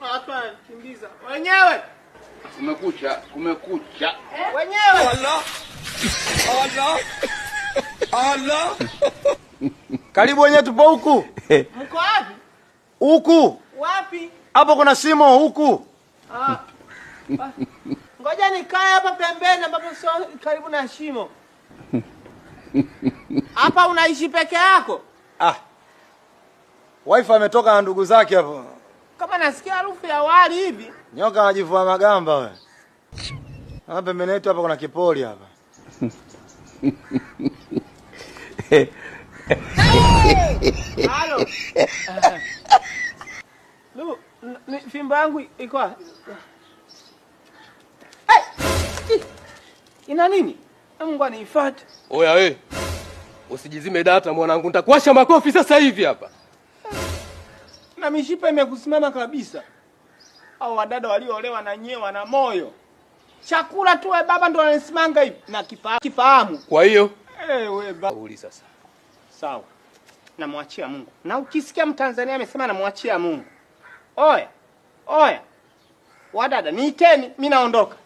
Hapa kimbiza. Wenyewe. Kumekucha, kumekucha. Wenyewe. Allah. Allah. Allah. Karibu wenyewe tupo huku. Mko wapi? Huku. Wapi? Hapo kuna simo huku. Ah. Ngoja nikae hapa pembeni ambapo sio karibu na shimo. Hapa unaishi peke yako? Ah. Wifi ametoka na ndugu zake hapo. Kama nasikia harufu ya wali hivi. Nyoka anajivua magamba wewe. Hapa pembeni yetu hapa kuna kipoli hapa. Halo. Lu, fimbo yangu iko wapi? Hey! Ina nini? Mungu anaifuata. Oya wewe. Usijizime data mwanangu, nitakuwasha makofi sasa hivi hapa na mishipa imekusimama kabisa. Au wadada walioolewa na nyewe wana moyo chakula tu, wewe baba ndo ananisimanga hivi na kifa, kifahamu. Kwa hiyo eh, wewe baba uli sasa, sawa, namwachia Mungu. Na ukisikia mtanzania amesema namwachia Mungu, oya oya, wadada niiteni, mimi naondoka.